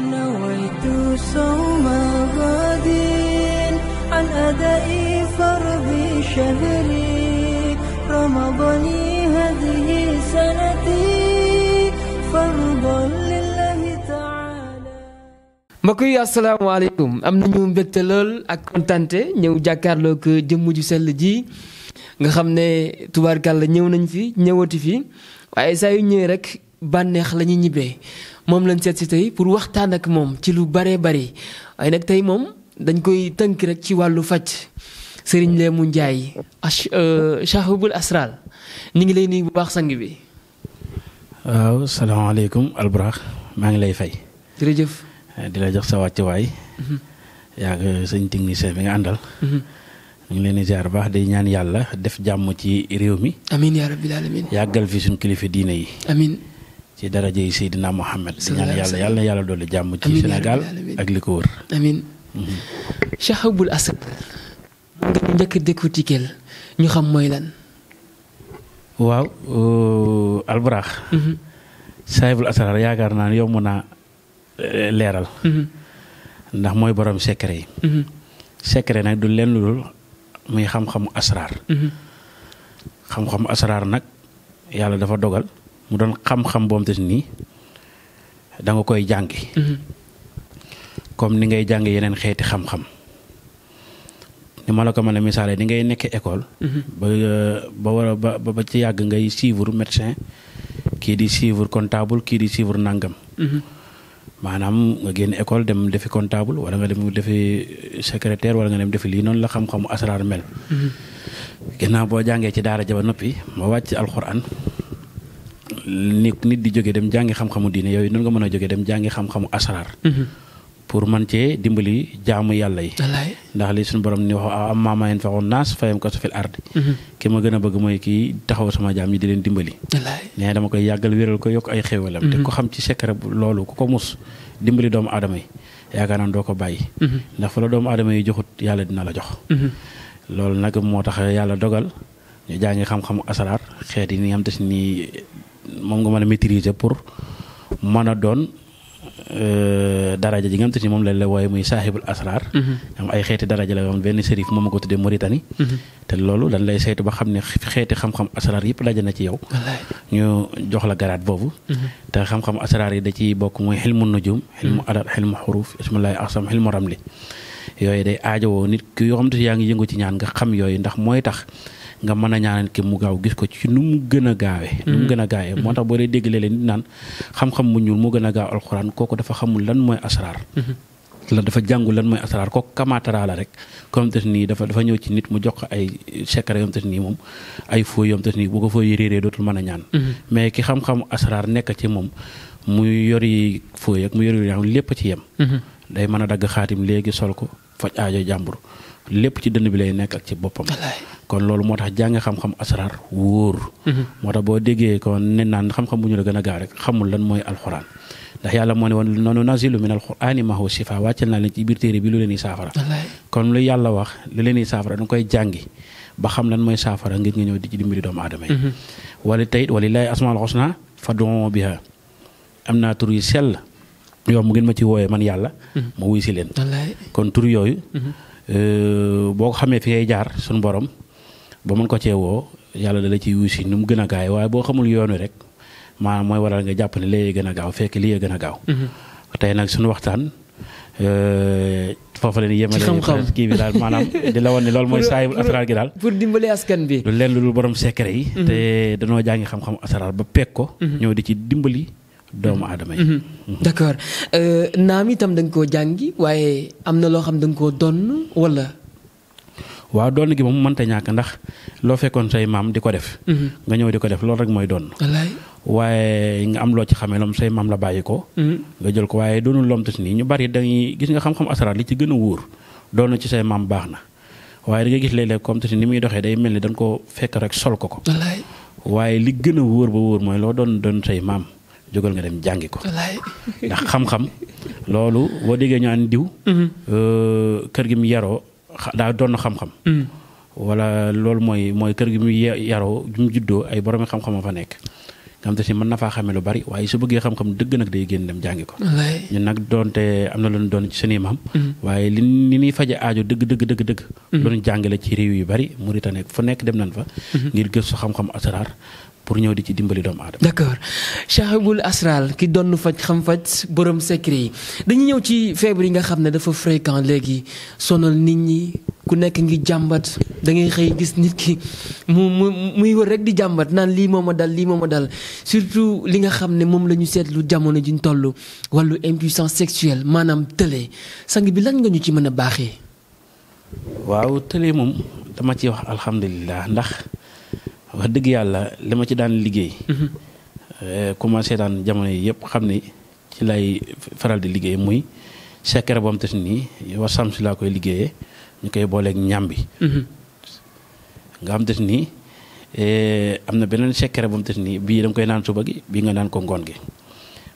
نويت صوم غد عن أداء فرض شهري رمضاني هذه سنتي فرضا لله تعالى mbokk yi asalaamaaleykum am nañu mbégte lool ak kontante ñëw jàkkaarloog jëmm ju sell ji nga xam ne tubaarkàlla ñëw nañ fi ñëwati fi waaye saa yu ñëwee rek bànneex la ñuy ñibbee moom lañ seet si tey pour waxtaan ak moom ci lu baree bari waaye nag tey moom dañ koy tënk rek ci wàllu faj sëriñ Serigne Lému Ndiaye Chahibul euh, Asraar ñu ngi lay nii bu baax sang bi. waaw salaamaaleykum Alburax maa ngi lay fay. jërëjëf. Eh, di la jox sa wàccuwaay. Mhm. yaa ngi sëñ àndal. Mhm. ñu mi. yàggal fi suñu kilifa diine yi. ci daraja yi Seydina Mohamed. di ñaan yàlla yàlla na yàlla dolli jàmm ci Sénégal ak li ko wër. amiin mhm. Cheikh Abdoul Asad njëkk a ñu xam mooy lan. waaw euh, Alburax. Cheikh mhm. Abdoul yaakaar naa ne yomb naa euh, leeral. Mhm. ndax mooy boroom secret yi. secret nag du lenn lu dul muy xam-xamu asraar. xam-xamu asraar nag yàlla dafa dogal. mu doon xam-xam boom te nii da nga koy jàngi mm-hmm. comme ni ngay jàng yeneen xeeti xam-xam ni ma la ko mën a misaale ni ngay nekk école mm-hmm. ba ba war a ba ba ci yàgg ngay suivre médecin kii di suivre comptable kii di suivre nangam mm-hmm. maanaam nga génn école dem defi comptable wala nga dem defi secrétaire wala nga dem defi lii noonu la xam-xamu asraar mel ginnaaw boo jàngee ci daara ja noppi ma wàcc alxuraan ni nit di jóge dem jàngi xam-xamu diine yooyu nan nga mën a jóge dem jàngi xam-xamu asaraar mhm. pour man cee dimbali jaamu yàlla yi ndax li suñu borom ni wax am maamayen faxoon naas fayam ko sufil ardi mhm. ki ma gën a bëgg mooy kii taxaw sama jaam yi di leen dimbali nee dama koy yàggal wéral ko yokk ay xéewalam te mhm. ko xam ci secret loolu ku ko mus dimbali doomu aadama la doomu aadama yi joxut yàlla dina la jox loolu nag moo tax yàlla dogal xeet yi ni am te nii moom nga mën a maîtriser pour mën a doon euh, daraja ji nga xam te ni moom lañ la wooye muy saaxibul asraar mhm. am ay xeeti daraja la yoo xam ne benn moom a ko tuddee Mauritanie mhm. te loolu dañ lay saytu ba xam ne xeeti xam-xam asraar yëpp daje ci yow ñu la garaat boobu mhm. te xam yi da ci bokk muy xilmu nujum xilmu adat xilmu xuruuf ismullahi asam xilmu ramli yooyu day aajowoo nit ki yoo xam te yaa ngi yëngu ci ñaan nga xam yooyu ndax mooy tax nga mën a ñaanal ki mu gaaw gis ko ci nu mu gën a gaawee nu mu mm-hmm. gën a gaawee mm-hmm. moo tax boo dee dégg léeg-léeg nit naan xam-xam mu ñuul mu gën a gaaw alxuraan kooku dafa xamul lan mooy asraar mm-hmm. la dafa jàngul lan mooy asraar kooku kamaatara la rek comme te nii dafa dafa ñëw ci nit mu jox ay secret yom te nii moom ay fooy yom te nii bu ko fooy réeree dootul mën a ñaan mais ki xam-xam asraar nekk ci moom mu yori fooy ak mu yori yoo xam lépp ci yem day mën a dagg xaatim léegi sol ko faj lépp ci dënn bi lay nekk ak ci boppam. kon loolu moo tax jàng xam-xam asraar wóor. Mhm. moo tax boo déggee kon ne naan xam-xam bu ñu la gën a gaa rek xamul lan mooy alxuraan ndax yàlla moo ne woon noonu nazilu min alxuraani ma huwa shifa wàccal naa leen ci biir téere bi lu leen di saafara. wax lu leen di da nga koy jàngi ba xam lan mooy saafara ngir nga ñëw di ci dimbali doomu aadama yi. Mhm. wala tayit wala lillaahi asmaal xusna fad'uu bihaa am naa tur yu sell yow mu ngeen ma ci wooyee man yàlla. Mhm. ma wuy si leen. kon tur yooyu. Euh, boo ko xamee fi ngay jaar suñu borom ba mën ko cee woo yàlla da ci ciy wuyu nu mu gën a gaay waaye boo xamul yoon wi rek maanaam mooy waral nga jàpp ne lee gën a gaaw fekk lii gën a gaaw. Mhm. tey nag suñu waxtaan. Euh, foofa la ñuy yemale kii bi la woon ne loolu mooy saayibul asaraar gi daal. pour dimbali askan bi. lu leen lu borom yi. Mhm. te danoo jàngi xam-xam asaraar ba peeg ko. Mhm. ñëw di ci dimbali. doomu aadama yi. Mhm. d'accord euh, naam itam da ko koo jàngi waaye am na loo xam da nga koo donn wala. waaw doon gi moom mënta ñàkk ndax loo fekkoon say maam di ko def. Mhm. nga ñëw di ko def loolu rek mooy doon. waaye nga am loo ci xamee loom say maam la bàyyi ko. Mhm. nga jël ko waaye doonul loom tas nii ñu bari dañuy gis nga xam-xam asaraar li ci gën a wóor doon ci say maam baax na waaye da gis léeg-léeg comme tas ni muy doxee day mel ni dañ ko fekk rek sol ko ko. waaye li gën a wóor ba wóor mooy loo doon doon say maam. jógal nga dem jàngi ko ndax xam-xam loolu boo déggee ñu naan diw mm-hmm. euh, kër gi mu yaroo daa doon xam-xam mm. wala loolu mooy mooy kër gi mu yaroo ju mu juddoo ay boroomi xam-xam a fa nekk nga xam te si mën na faa lu bari waaye su bëggee xam-xam dëgg nag day génn dem jàngi ko ñun nag doonte am na lu ñu doon ci seen maam mm. waaye li li faje aajo dëgg dëgg dëgg dëgg doon mm. jàngale ci réew yu bari Mauritanie fu nekk dem nañ fa mm-hmm. ngir gëstu xam-xam asaraar pour ñëw di ci dimbali doomu aadama. d'accord Chahibul Asral ki doon faj xam faj borom secret yi dañuy ñëw ci feebar yi nga xam ne dafa fréquent léegi sonal nit ñi ku nekk ngi jàmbat da ngay xëy gis nit ki mu mu muy wër rek di jàmbat naan lii moom ma dal lii moom ma dal surtout li nga xam ne moom la ñu seetlu jamono jiñ toll wàllu impuissance sexuelle maanaam tële sang bi lañ nga ñu ci mën a baaxee. waaw tële moom dama ci wax alhamdulilah ndax. wax dëgg yàlla li ma ci daan liggéey. commencé eh, daan jamono yi yëpp xam ni ci lay faral di liggéey muy sekere boo am nii wa sam si laa koy liggéeyee ñu koy booleeg ñàmbi. Mhm. nga xam te nii eh, am na beneen sekere boo am nii bii da koy naan suba gi bii nga naan ko ngoon gi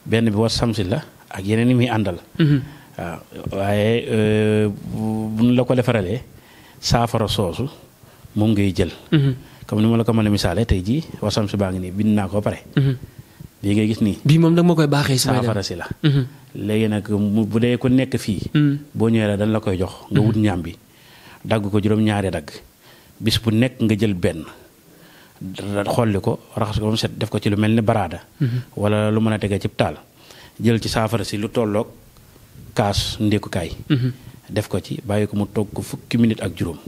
benn bi wa sam la ak yeneen yi muy àndal. Mhm. waaw waaye eh, bu ñu la ko defaralee saafara soosu moom ngay jël. Mhm. comme ni ma la ko mën a misaale tey jii wasam si baa ngi nii bind naa ko pare. Mhm. lii ngay gis nii. bii moom nag moo koy baaxee si saafara la. Mhm. léegi nag bu dee ko nekk fii. Mhm. boo ñëwee dañ la koy jox. nga wut bi dagg ko juróom-ñaari dagg bis bu nekk nga jël benn xolli ko raxas ko ba mu set def ko ci lu mel ni baraada. wala lu mën a tege ci taal jël ci saafara si lu tolloog kaas ndékkukaay. def ko ci bàyyi ko mu togg ko fukki minute ak juróom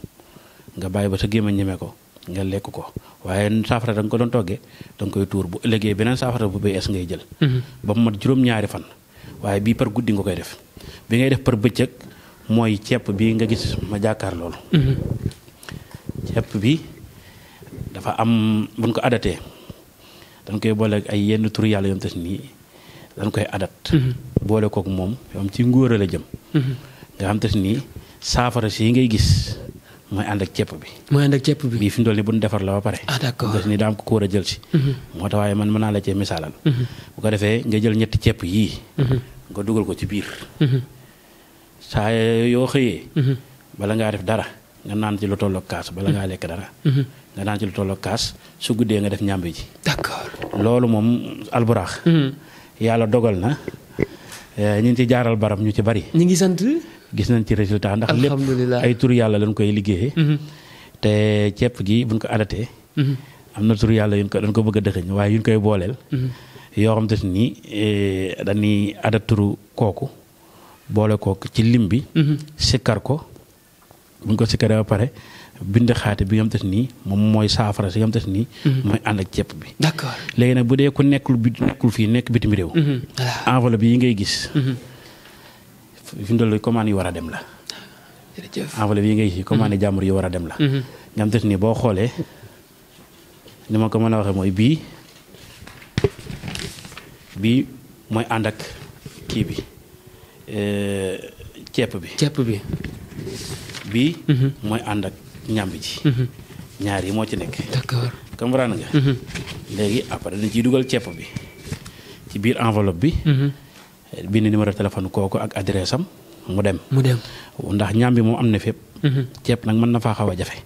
nga bàyyi ba sa gémmiñ ñeme ko. nga lekk ko waaye saafara da ko doon toggee da nga koy tuur bu ëllëgee beneen saafara bu bees ngay jël. Mhm. ba mu mat juróom-ñaari fan. waaye bii par guddi nga koy def bi ngay def par bëccëg mooy ceeb bi nga gis ma jàkkaar loolu. Mhm. ceeb bi dafa am buñ ko adatee dañ koy boole ak ay yenn tur yàlla yom tas nii dañ koy adat. Mhm. boole kook moom yoo am ci ngóor la jëm. nga xam tas nii saafara si ngay gis. mooy ànd ak ceeb bi. mooy ànd ak ceeb bi bii fi mu toll nii bu ñu defar la ba pare. ah d'accord des ni daa am ko war a jël si. Mhm. moo tax waaye man mën naa la cee misaalal. Mhm. bu ko defee nga jël ñetti ceeb yii. Mhm. nga dugal ko ci biir. saa yoo xëyee. bala ngaa def dara nga naan ci lu tolloog kaas bala ngaa lekk dara. nga naan ci lu tolloog kaas su guddee nga def ñàmbi ji. d'accord loolu moom alburaax. yàlla dogal na. Eh, ñu ngi ci jaaral baram ñu ci bari. ñu ngi sant. gis nañ ci résultat ndax lépp ay tur yàlla lañ koy liggéeyee. Mm-hmm. te ceeb gi buñ ko adatee. Mm-hmm. am na tur yàlla yuñ ko dañ ko bëgg a dëxëñ waaye yuñ koy booleel. Mm-hmm. yoo xam te ni eh, dañuy adat turu kooku boole kooku ci lim bi. sikkar ko buñ ko sikkaree ba pare. bind xaate bi nga xam te nii moom mooy saafara si nga xam te nii. Mhm. mooy ànd ak ceeb bi. d'accord léegi nag bu dee ku nekkul bi nekkul fii nekk bitim réew. Mhm. enveloppe yi ngay gis. Mhm. fi mu yi a yi ngay gis commande jàmbur yi war a dem la. nga xam te nii boo xoolee ni ma ko mën a waxee mooy bii bii mooy ànd ak kii bi euh, ceeb bi. ceeb bi bii. mooy ànd ak. ñàmb ji. Mhm. ñaar yi moo ci nekk. d'accord comprendre nga. Mhm. léegi après dañ ciy dugal ceeb bi ci biir enveloppe bi. Mhm. bind numéro téléphone kooku ak adresse am mu dem. mu dem ndax ñàmbi moom am na fépp. ceeb nag mën na faa xaw a jafe.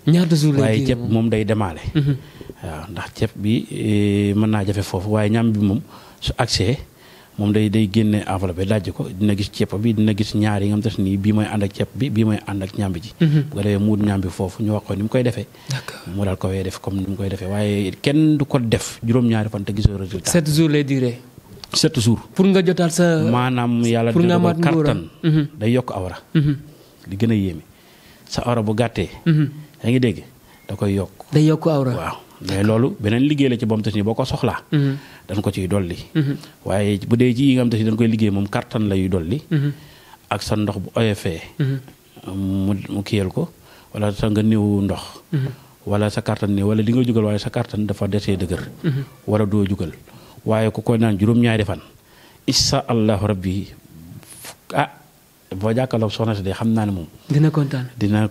waaye ceeb moom day demaale. waaw ndax ceeb bi eh, mën naa jafe foofu waaye ñàmbi moom su accès. moom day day génne enveloppe dajj ko dina gis ceeb bi dina gis ñaar yi nga xam te nii bii mooy ànd ak ceeb bi bii mooy ànd ak ñàmbi ji mhm. bu ko defee mu wut ñàmbi foofu ñu wax ko ni mu koy defee mu daal ko wee def comme ni mu koy defee waaye kenn ko def juróom-ñaari fan te gisoo résultat sept jours lay duré sept jours pour nga jotaat sa maanaam yàlla dina ko kattan mhm. day yokk awra mhm. li gën a yéeme sa awra bu gàttee yaa ngi dégg da koy yokk day yokk awra waaw mais loolu beneen liggéey la ci boo xam te ni boo ko soxlaa mhm. dañ ko ciy dolli mhm. waaye bu dee ci yi nga xam te ni dañ koy liggéey moom kartan la yuy dolli mhm. ak sa ndox bu oyofee mu mu kiyal ko wala sa nga néew ndox wala sa kartan ni wala li nga jugal waaye sa kartan dafa desee dëgër wala doo jugal waaye ku koy naan juróom-ñaari fan insha allahu rabbi ah boo jàkkaarloog soxna si de xam naa ne moom. dina kontaan dina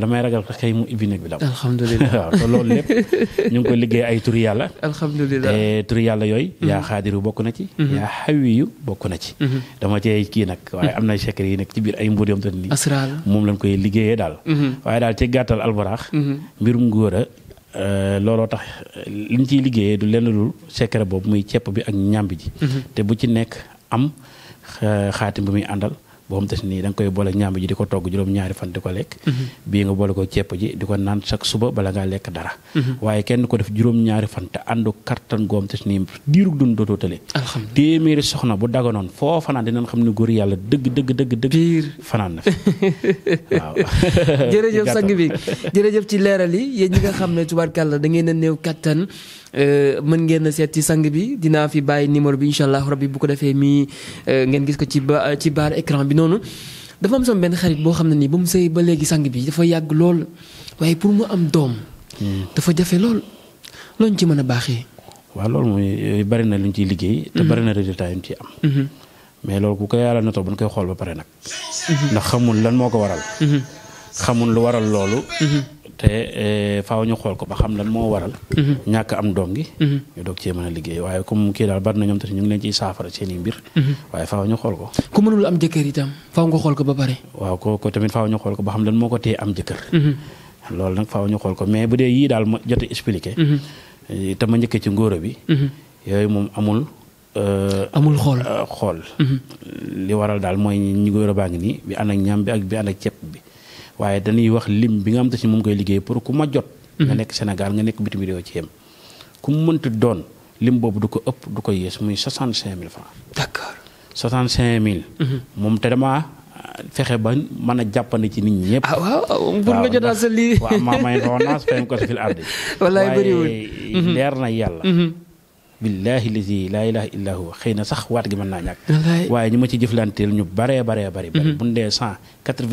damay ragal kay mu ibbi néeg bi daal. alhamdulilah waaw te loolu lépp ñu ngi ko liggéey ay turi yàlla. alhamdulilah te eh, turi yàlla yooyu. Mm-hmm. yaa xaadiru bokk na ci. Mm-hmm. yaa xawiyu bokk na ci. Mm-hmm. dama cee kii nag waaye am na secret yi nekk ci biir ay mbir yoo xamante ni. asraal moom lañ koy liggéeyee daal. waaye daal ci gàttal albaraax. mbirum góor a eh, looloo tax eh, liñ ciy liggéeyee du lenn lu secret boobu muy cepp bi ak ñàmb ji. te bu ci nekk am xaatim bi muy boo mu des nii da nga koy boole ñàmb ji di ko togg juróom-ñaari fan di ko lekk mm-hmm. bii nga boole ko cepp ji di ko naan chaque suba bala ngaa lekk dara mm-hmm. waaye kenn ko def juróom-ñaari fan te àndu kattan goom des nii diiru dund dootoo tële téeméeri soxna bu daganoon foo fanaan dinañ xam ne góor yàlla dëgg dëgg dëgg dëgg fanaan na fi waaw jërëjëf sang bi jërëjëf ci leeral yi yéen ñi nga xam ne tubaarkàlla da ngeen a néew kattan Euh, mën ngeen seet ci sang bi dinaa fi bàyyi numéro bi incha allah rabbi bu ko defee mii euh, ngeen gis ko ci ba ci baar écran bi noonu dafa am sama benn xarit boo xam ne nii ba mu sëy ba léegi sang bi dafa yàgg lool waaye pour mu am doom. Hmm. dafa jafe lool looñ ci mën a baaxee. waaw loolu mooy eh, bari na luñ ciy liggéey. te hmm. bari na résultat yuñ ciy am. Hmm. mais loolu ku ko yàlla natoo ba ñu koy xool ba pare nag. ndax xamul lan moo ko waral. xamul lu waral loolu. te eh, faaw ñu xool ko ba xam lan moo waral. Mm-hmm. ñàkk am doom gi. Mm-hmm. ñu doog cee mën a liggéey waaye comme kii daal bari na ñoom te ñu ngi leen ciy saafara seen i mbir. Mm-hmm. waaye faaw ñu xool ko. ku mënul am jëkkër itam faaw nga xool ko ba pare. ñu xool ko ba xam lan moo ko téye am jëkkër. loolu nag faaw ñu xool ko mais bu dee yii daal ma jot a expliqué. te ma njëkkee ci ngóora bi. yooyu moom amul. Euh, amul xool euh, xool. li waral daal mooy ñi ngóora baa ngi nii bi ànd ñam bi ak bi ànd ceeb bi. waaye dañuy wax lim bi nga xam te si moom koy liggéey pour ku ma jot nga mhm. nekk Sénégal nga nekk bitim réew ci yem ku mu mënti doon lim boobu du ko ëpp du ko yées muy 65000 francs d'accord 65000 mhm. moom te damaa ah, fexe ba mën a jàppandi ci nit ñi ñëpp. ah waaw pour nga jotaat sa lii. waaw maa may fil ardi. waaye mhm. leer na yàlla. billaahi lazi laa ilaaha illaa xëy na sax waat gi mën naa ñàkk. waaye ñu ma ci jëflanteel ñu baree baree bari. bu ñu cent quatre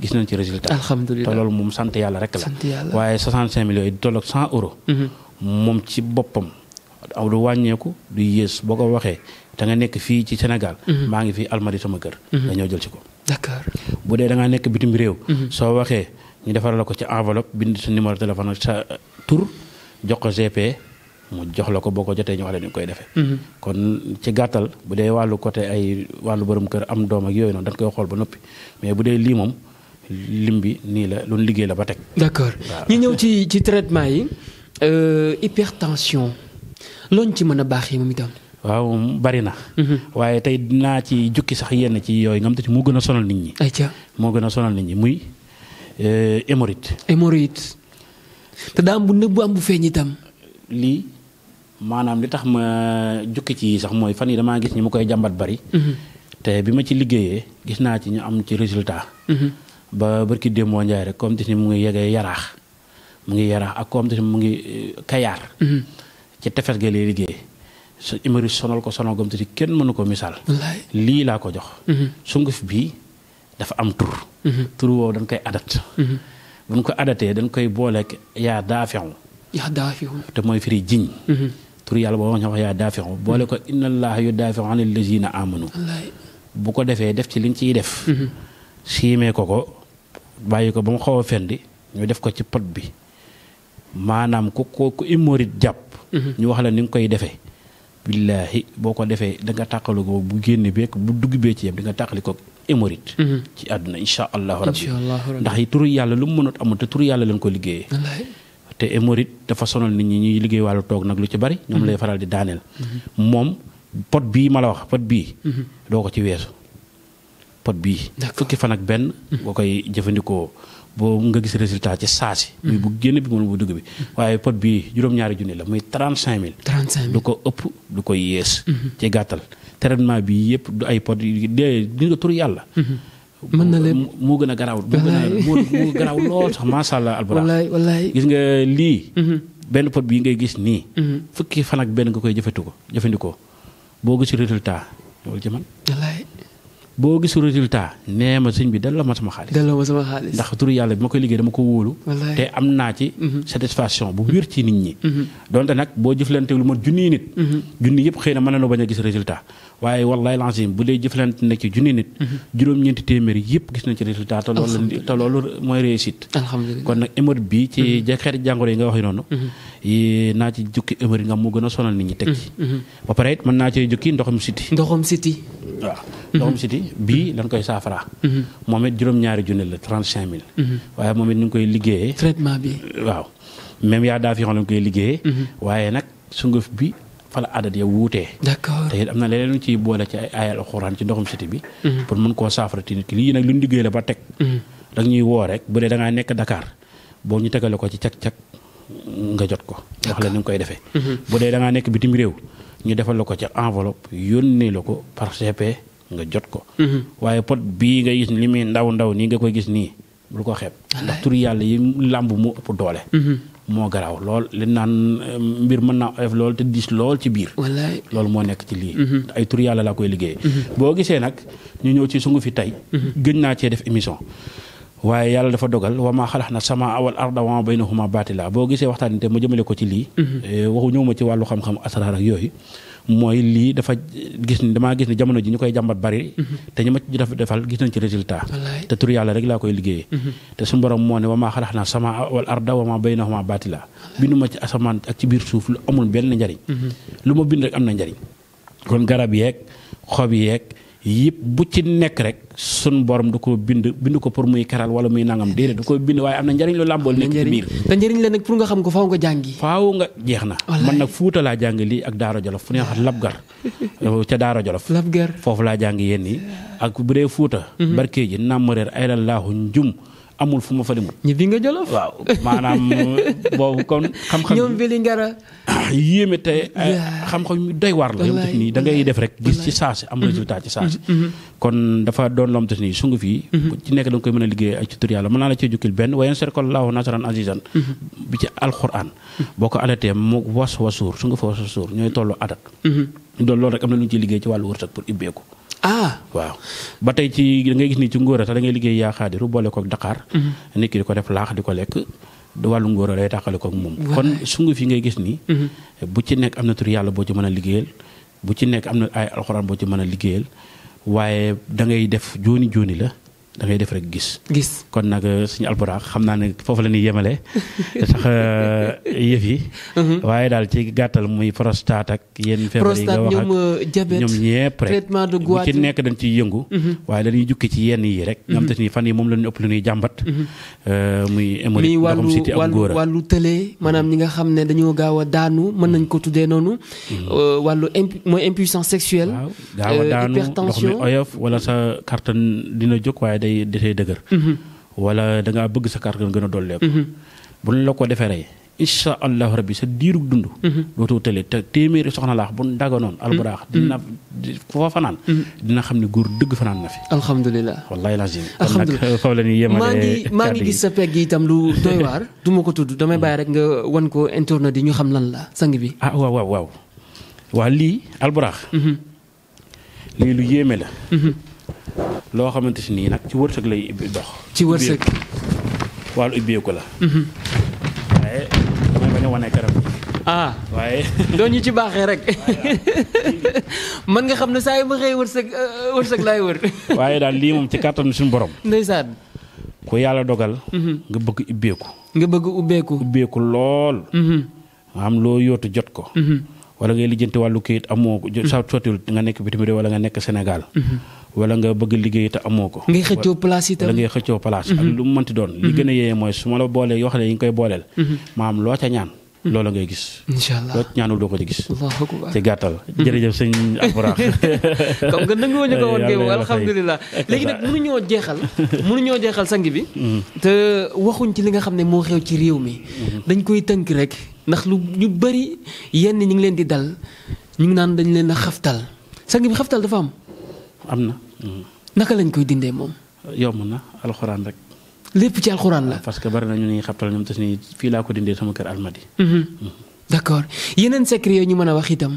gis nañ ci résultat. alhamdulilah te loolu moom sant yàlla rek la. sant yàlla waaye 65 millions yi di toll ak 100 moom ci boppam. du wàññeeku du yées boo ko waxee da nga nekk fii ci Sénégal. Mhm. maa ngi fii Almadies sama kër. nga mhm. ñëw jël ci ko. d'accord bu dee da ngaa nekk bitim réew. Mhm. soo waxee ñu defaral la ko ci enveloppe bind sa numéro téléphone sa euh, tur jox ko GP mu jox la ko boo ko jotee ñu wax la ni koy defee. kon ci gàttal bu dee wàllu côté ay wàllu borom kër am doom ak yooyu noonu dañ koy lim bi nii la loolu liggéey la ba teg. d'accord ñu ñëw ci ci traitement yi euh, hypertension looñ ci mën a baaxee moom itam. waaw bari na. Mhm. waaye tey dinaa ci jukki sax yenn ci yooyu nga xam te ci moo gën a sonal nit ñi. ayca moo gën a sonal nit ñi muy euh, hémorroïde. hémorroïde te daa am bu nëbb bu am bu feeñ itam. lii maanaam li tax ma jukki ci sax mooy fan yi damaa gis ñi mu koy jàmbat bari. Mhm. te bi ma ci liggéeyee gis naa ci ñu am ci résultat. Mhm. ba barki démboo Njaay rek comme ni mu ngi yegee yaraax mu ngi yaraax ak comme ni mu ngi euh, kayaar. Mm-hmm. ci tefes ga lay liggéey. su imari sonal ko sonal gom te si kenn mënu ko misaal. lii laa ko jox. Mm-hmm. sunguf bii dafa am tur. Mm-hmm. tur woowu dañ koy adat. buñ ko adatee dañ koy booleeg yaa daafewu. yaa daafewu te mooy firi jiñ. tur boole ko inna allaha yu daafewu anil lazina amanu bu ko defee def ci liñ ciy def. siimee ko ko. bàyyi ko ba mu xaw a fendi ñu def ko ci pot bi maanaam ku ko ku imorit jàpp mhm. ñu wax la ni nga koy defee billaahi boo ko defee da nga tàqalikoo bu génne beek bu dugg bee ci yam di nga tàqalikoo émorit mhm. ci àdduna insha allahu rabbi ndax yi yàlla lu mu mënut amul te turu yàlla lañ ko liggéeyee te émorit dafa sonal nit ñi ñuy liggéey wàllu toog nag lu ci bari ñoom mhm. lay faral di daaneel moom pot bii ma la wax pot bii doo ko ci weesu pot bii. fukki fan ak benn. Hmm. boo koy jëfandikoo boo nga gis résultat ci saasi. Hmm. muy bu génn bi moom bu dugg bi. Hmm. waaye pot bii juróom-ñaari junni la muy trente cinq mille. trente cinq mille du ko ëpp du ko yées. ci gàttal traitement bi yëpp du ay pot yi dee di nga tur yàlla. mën na leen moo gën a garaaw. wallaay moo gën a garaaw lool sax macha allah. wallaay gis nga lii. benn pot bii ngay gis nii. fukki fan ak benn nga koy jëfandikoo jëfandikoo boo gis résultat loolu ci boo gisu résultat nee ma sëñ bi delloo ma sama xaalis. delloo ma sama xaalis ndax turu yàlla bi ma koy liggéey dama ko wóolu. te am naa ci. Mhm. satisfaction bu wér ci nit ñi. Mhm. donte nag boo jëflante lu mot junniy nit. Mhm. junni yëpp xëy na a ci résultat. te loolu mooy réussite. kon nag émeute bi ci xeeti jàngoro yi nga wax noonu. naa ci jukki émeute nga mu gën a sonal nit ñi. teg ci ba pare it naa cee jukki ndoxum siti ndoxum siti waaw doxum siti bii dañ mhm. koy saafara mhm. moom it juróom-ñaari junne la trente cinq mille mhm. waaye moom it ñu ngi koy liggéeyee traitement bi waaw même yaa daa fi xam lañ koy liggéeyee waaye nag sunguf bi fala adat ya wuutee d'accord te it am na leneen lu ciy boole ci ay ayal alxuraan ci ndoxum siti bi pour mën koo liggéey la ba teg dag ñuy woo rek bu dee da ngaa nekk Dakar boo ñu tegale ko ci cag-cag nga jot ko wax la ni nga koy defee bu dee da ngaa nekk bitim réew ñu defal la ko ci enveloppe yónnee la ko par CP nga jot ko. Mm-hmm. waaye pot bii nga gis li muy ndaw ndaw nii nga koy gis nii bul ko xeeb. ndax tur yàlla yi làmb mu ëpp doole. Mm-hmm. moo garaaw lool li naan mbir mën naa oyof lool te diis lool ci biir. wallaay loolu moo nekk ci lii. Mm-hmm. ay tur yàlla laa koy liggéeyee. boo gisee nag ñu ñëw ci sungu fi tey. gëj naa cee def émission. waaye yàlla dafa dogal wa maa xalax na sama awal arda wa baynahuma baatila boo gisee waxtaan te ma jëmale ko ci lii mm-hmm. eh, waxu ñëw ma ci wàllu xam-xam asraar ak yooyu mooy lii dafa gis ni damaa gis ni jamono ji ñu koy jàmbat bari mm-hmm. te ma ci def defal gis nañ ci résultat te tur yàlla rek laa koy liggéeyee mm-hmm. te suñu borom moo ne wa maa xalax na sama wal arda wa maa baynahuma baatila bindu ma ci asamaan ak ci biir suuf lu amul benn njariñ lu ma bind rek am na njariñ kon garab yeeg xob yeeg yëpp bu ci nekk rek sun borom du ko bind bind ko pour muy keral wala muy nangam déedéet du ko bind waaye am na njëriñ lu làmbool nekk ci biir te njëriñ la nag pour nga xam ko faaw nga jàngi faaw nga jeex na man nag fuuta laa jàng lii ak daara jolof fu ne wax labgar ca daara jolof labgar foofu laa jàng yenn yi ak bu dee fuuta mhm. barkee ji nammaréer ay lallaahu njum amul fu ma fa demul. ñibbi nga jolof waaw maanaam boobu kon. xam-xam ñoom Vélingara. yéeme te eh, xam-xam yu doy waar la. yow daf nii da ngay def rek gis ci saasi am mm-hmm. résultat ci saasi. Mm-hmm, mm-hmm. kon dafa doon lom te nii sungu fii. ci nekk da nga koy mën a liggéey ay ci yàlla mën naa la cee jukkil benn wayen serkol laahu nasaran azizan bi ci alquran. boo ko alatee mu was wasuur su nga fa was wasuur ñooy tollu adak. doon loolu rek am na lu ñu ciy liggéey ci wàllu wërsëg pour ibbeeku. ah waaw ba tey ci da ngay gis ni ci ngóora sax da ngay liggéey yaa xaadiru boole koog Dakar. Mm-hmm. nit di ko def laax di ko lekk wàllu ngóora lay tàqale koog moom. kon sunguf yi ngay gis ni. Mm-hmm. bu ci nekk am na tur yàlla boo ci mën a liggéeyal bu ci nekk am na ay alxuraan boo ci mën a liggéeyal waaye dangay def jooni jooni la. da ngay def rek gis. gis kon nag euh, suñu alburaax xam naa ne foofu la ñuy yemale a euh, yëf yi. Mhm. waaye daal ci gàttal muy prostate ak yenn feebar yi nga wax euh, ak ñoom ñëpp rek traitement de goitre ci nekk dañ ciy yëngu. Mhm. waaye dañuy jukki ci yenn yi rek. nga xam mhm. te ni fan yi moom la ñu ëpp lu ñuy jàmbat. muy émori ndoxum siti ak góor a wàllu tëlee maanaam ñi nga xam ne dañoo gaaw a daanu mën nañ ko tuddee noonu. wàllu impu mooy impuissance a daanu ndox mi oyof wala sa kàttan dina jóg day day dëgër. Mm-hmm. wala da ngaa bëgg sa kàttan gën a dolleeku. Mm-hmm. bu ñu la ko defee rek incha allahu rabbi sa diiru dund. Mm-hmm. dootoo tële te téeméeri soxna laax bu daganoon. alburaax dina foo fanaan. dina xam ne góor dëgg fanaan na fi. alhamdulilah wallaahi lazim. alhamdulilah kon nag maa ngi maa ngi gis sa pegg itam lu doy waar. ko tudd damay bàyyi rek nga wan ko internet yi ñu xam lan la sang bi. ah waaw waaw waaw waa lii alburaax. lii lu yéeme la. loo xamante si nii nag ci wërsëg lay dox. ci wërsëg wàllu ubbeeku la. Mhm. waaye damay bañ a wane garab ah waaye doo ñu ci baaxee rek man nga xam ne saa yu ma xëy wërsëg euh, wërsëg laay wër. waaye daal lii moom ci kàttanu suñu borom. ndeysaan. ku yàlla dogal. Mhm. nga bëgg ubbeeku. nga bëgg ubbeeku. ubbeeku lool. Mhm. am loo yóotu jot ko. wala ngay lijjanti wàllu kayit amoo. saa sottiwul nga nekk bitim réew wala nga nekk Sénégal. wala nga bëgg liggéey te amoo ko. ngay xëccoo place itam wala ngay xëccoo place. Mhm. ak lu mu mënti doon. li mhm. gën a yee mooy su ma la boolee yoo xam ne yi nga koy booleel. Mhm. maam loo ca ñaan. loola ngay gis. incha allah loo ko ci gis. ci gàttal. jërëjëf sëñ Alburax. comme que nangu ñu ko woon kay alhamdulilah. léegi nag mënuñoo bi. te waxuñ ci li nga xam ne moo xew ci réew mi. dañ koy tënk rek ndax lu ñu bëri yenn ñi ngi leen di dal ñu ngi naan dañ leen a xaftal sang bi xaftal dafa am. am na naka lañ koy dindee moom. yomb na alxuraan rek. lépp ci alxuraan la. parce que bari na ñu ne xabtal ñoom te ni fii laa ko dindee sama kër almadi. Mhm. Mhm. d' accord yeneen secret yooyu ñu mën a wax itam.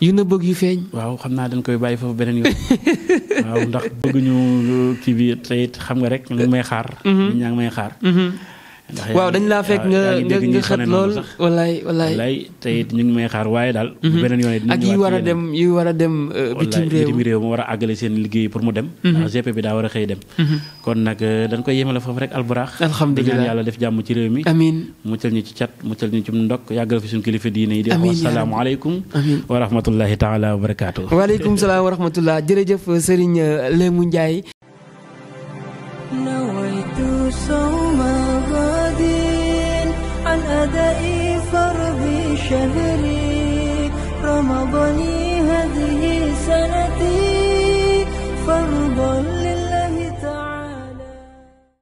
yu na bëgg yu feeñ. waaw xam naa dañ koy bàyyi foofu beneen yoon. waaw ndax bëgguñu euh, kii bi xam nga rek ñu ngi may xaar. Mhm. ñu ngi may xaar. waaw dañ laa fekk nga nga nga xat lool wallaay wallaay tey ñu ngi may xaar waaye daal bu mhm. beneen yoon ak yi war a dem yi war a dem bitim réew bitim réew mu war a àggale seen liggéey pour mu dem ndax mhm. ah, GP bi daa war a xëy dem mhm. kon nag euh, dañ koy yéemale foofu rek alburaax alhamdulilah def jàmm ci réew mi amiin muccal ñu ci cat muccal ñu ci ndok yàggal fi suñu kilifa diine yi di wax assalaamu aleykum wa rahmatullahi taala wa barakaatu waaleykum salaam wa بدأ فرضي شهري رمضاني